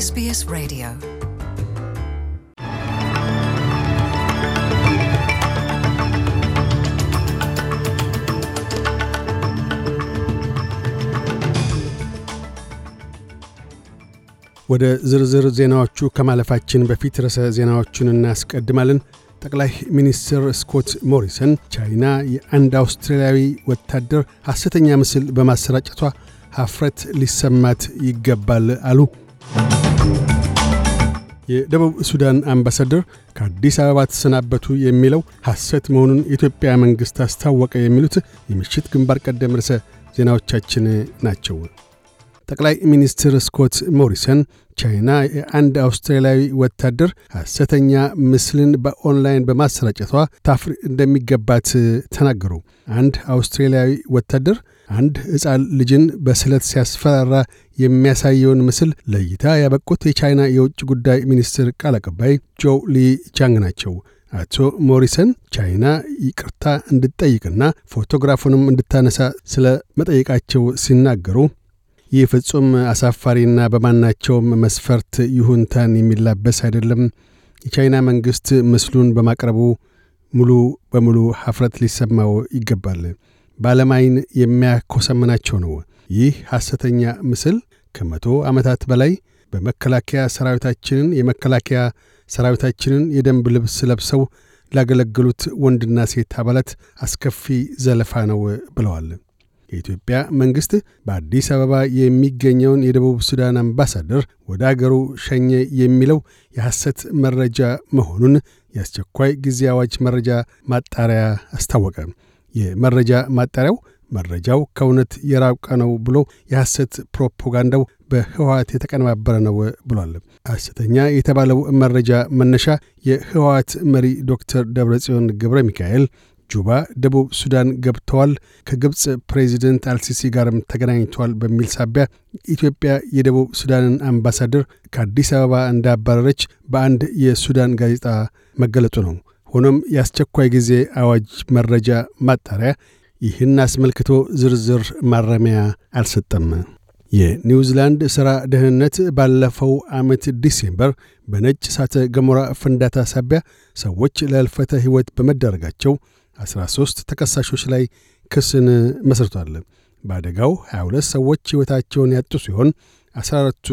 SBS Radio ወደ ዝርዝር ዜናዎቹ ከማለፋችን በፊት ርዕሰ ዜናዎቹን እናስቀድማለን። ጠቅላይ ሚኒስትር ስኮት ሞሪሰን ቻይና የአንድ አውስትራሊያዊ ወታደር ሐሰተኛ ምስል በማሰራጨቷ ሐፍረት ሊሰማት ይገባል አሉ። የደቡብ ሱዳን አምባሳደር ከአዲስ አበባ ተሰናበቱ የሚለው ሐሰት መሆኑን የኢትዮጵያ መንግሥት አስታወቀ የሚሉት የምሽት ግንባር ቀደም ርዕሰ ዜናዎቻችን ናቸው። ጠቅላይ ሚኒስትር ስኮት ሞሪሰን ቻይና የአንድ አውስትራሊያዊ ወታደር ሐሰተኛ ምስልን በኦንላይን በማሰራጨቷ ታፍር እንደሚገባት ተናገሩ። አንድ አውስትራሊያዊ ወታደር አንድ ሕፃን ልጅን በስለት ሲያስፈራራ የሚያሳየውን ምስል ለእይታ ያበቁት የቻይና የውጭ ጉዳይ ሚኒስትር ቃል አቀባይ ጆ ሊ ቻንግ ናቸው። አቶ ሞሪሰን ቻይና ይቅርታ እንድትጠይቅና ፎቶግራፉንም እንድታነሳ ስለ መጠየቃቸው ሲናገሩ ይህ ፍጹም አሳፋሪና በማናቸውም መስፈርት ይሁንታን የሚላበስ አይደለም። የቻይና መንግሥት ምስሉን በማቅረቡ ሙሉ በሙሉ ሐፍረት ሊሰማው ይገባል። በዓለም አይን የሚያኮሰምናቸው ነው። ይህ ሐሰተኛ ምስል ከመቶ ዓመታት በላይ በመከላከያ ሰራዊታችንን የመከላከያ ሰራዊታችንን የደንብ ልብስ ለብሰው ላገለገሉት ወንድና ሴት አባላት አስከፊ ዘለፋ ነው ብለዋል። የኢትዮጵያ መንግሥት በአዲስ አበባ የሚገኘውን የደቡብ ሱዳን አምባሳደር ወደ አገሩ ሸኘ የሚለው የሐሰት መረጃ መሆኑን የአስቸኳይ ጊዜ አዋጅ መረጃ ማጣሪያ አስታወቀ። የመረጃ ማጣሪያው መረጃው ከእውነት የራቀ ነው ብሎ የሐሰት ፕሮፓጋንዳው በህወሀት የተቀነባበረ ነው ብሏል። ሐሰተኛ የተባለው መረጃ መነሻ የህወሀት መሪ ዶክተር ደብረጽዮን ገብረ ሚካኤል ጁባ፣ ደቡብ ሱዳን ገብተዋል፣ ከግብፅ ፕሬዚደንት አልሲሲ ጋርም ተገናኝተዋል በሚል ሳቢያ ኢትዮጵያ የደቡብ ሱዳንን አምባሳደር ከአዲስ አበባ እንዳባረረች በአንድ የሱዳን ጋዜጣ መገለጡ ነው። ሆኖም የአስቸኳይ ጊዜ አዋጅ መረጃ ማጣሪያ ይህን አስመልክቶ ዝርዝር ማረሚያ አልሰጠም። የኒውዚላንድ ሥራ ደህንነት ባለፈው ዓመት ዲሴምበር በነጭ እሳተ ገሞራ ፍንዳታ ሳቢያ ሰዎች ለልፈተ ሕይወት በመዳረጋቸው 13 ተከሳሾች ላይ ክስን መስርቷል። በአደጋው 22 ሰዎች ሕይወታቸውን ያጡ ሲሆን አስራ አራቱ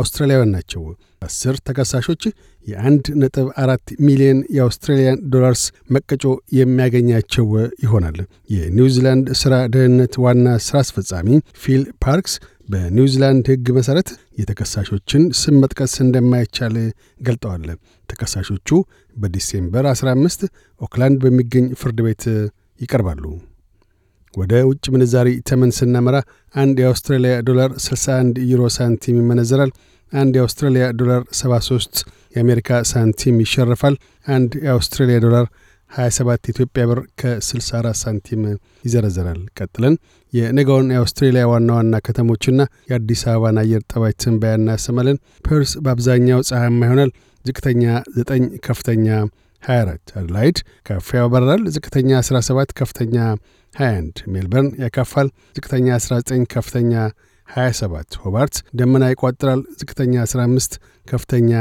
አውስትራሊያውያን ናቸው። አስር ተከሳሾች የአንድ ነጥብ አራት ሚሊዮን የአውስትራሊያን ዶላርስ መቀጮ የሚያገኛቸው ይሆናል። የኒውዚላንድ ሥራ ደህንነት ዋና ሥራ አስፈጻሚ ፊል ፓርክስ በኒውዚላንድ ሕግ መሠረት የተከሳሾችን ስም መጥቀስ እንደማይቻል ገልጠዋል። ተከሳሾቹ በዲሴምበር 15 ኦክላንድ በሚገኝ ፍርድ ቤት ይቀርባሉ። ወደ ውጭ ምንዛሪ ተመን ስናመራ አንድ የአውስትራሊያ ዶላር 61 ዩሮ ሳንቲም ይመነዘራል። አንድ የአውስትራሊያ ዶላር 73 የአሜሪካ ሳንቲም ይሸርፋል። አንድ የአውስትራሊያ ዶላር 27 ኢትዮጵያ ብር ከ64 ሳንቲም ይዘረዘራል። ቀጥለን የነጋውን የአውስትሬሊያ ዋና ዋና ከተሞችና የአዲስ አበባን አየር ጠባይ ትንበያ እናሰማለን። ፐርስ በአብዛኛው ፀሐያማ ይሆናል። ዝቅተኛ 9 ከፍተኛ 24 አድላይድ ከፍ ያበራል። ዝቅተኛ 17 ከፍተኛ 21 ሜልበርን ያካፋል። ዝቅተኛ 19 ከፍተኛ 27 ሆባርት ደመና ይቋጥራል። ዝቅተኛ 15 ከፍተኛ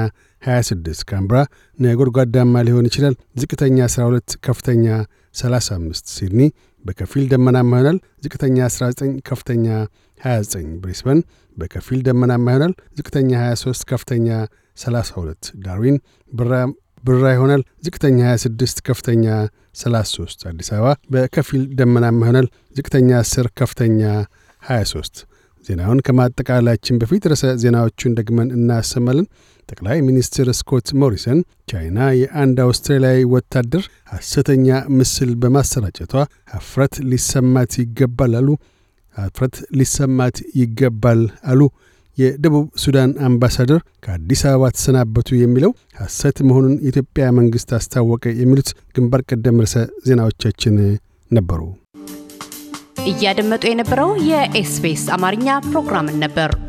26 ካምብራ ነጎድጓዳማ ሊሆን ይችላል። ዝቅተኛ 12 ከፍተኛ 35 ሲድኒ በከፊል ደመናማ ይሆናል። ዝቅተኛ 19 ከፍተኛ 29 ብሪስበን በከፊል ደመናማ ይሆናል። ዝቅተኛ 23 ከፍተኛ 32 ዳርዊን ብራ ብራ ይሆናል። ዝቅተኛ 26፣ ከፍተኛ 33። አዲስ አበባ በከፊል ደመናማ ይሆናል። ዝቅተኛ 10፣ ከፍተኛ 23። ዜናውን ከማጠቃላያችን በፊት ርዕሰ ዜናዎቹን ደግመን እናሰማለን። ጠቅላይ ሚኒስትር ስኮት ሞሪሰን ቻይና የአንድ አውስትራሊያዊ ወታደር ሐሰተኛ ምስል በማሰራጨቷ ሀፍረት ሊሰማት ይገባል አሉ ሀፍረት ሊሰማት ይገባል አሉ። የደቡብ ሱዳን አምባሳደር ከአዲስ አበባ ተሰናበቱ የሚለው ሐሰት መሆኑን የኢትዮጵያ መንግሥት አስታወቀ። የሚሉት ግንባር ቀደም ርዕሰ ዜናዎቻችን ነበሩ። እያደመጡ የነበረው የኤስቢኤስ አማርኛ ፕሮግራምን ነበር።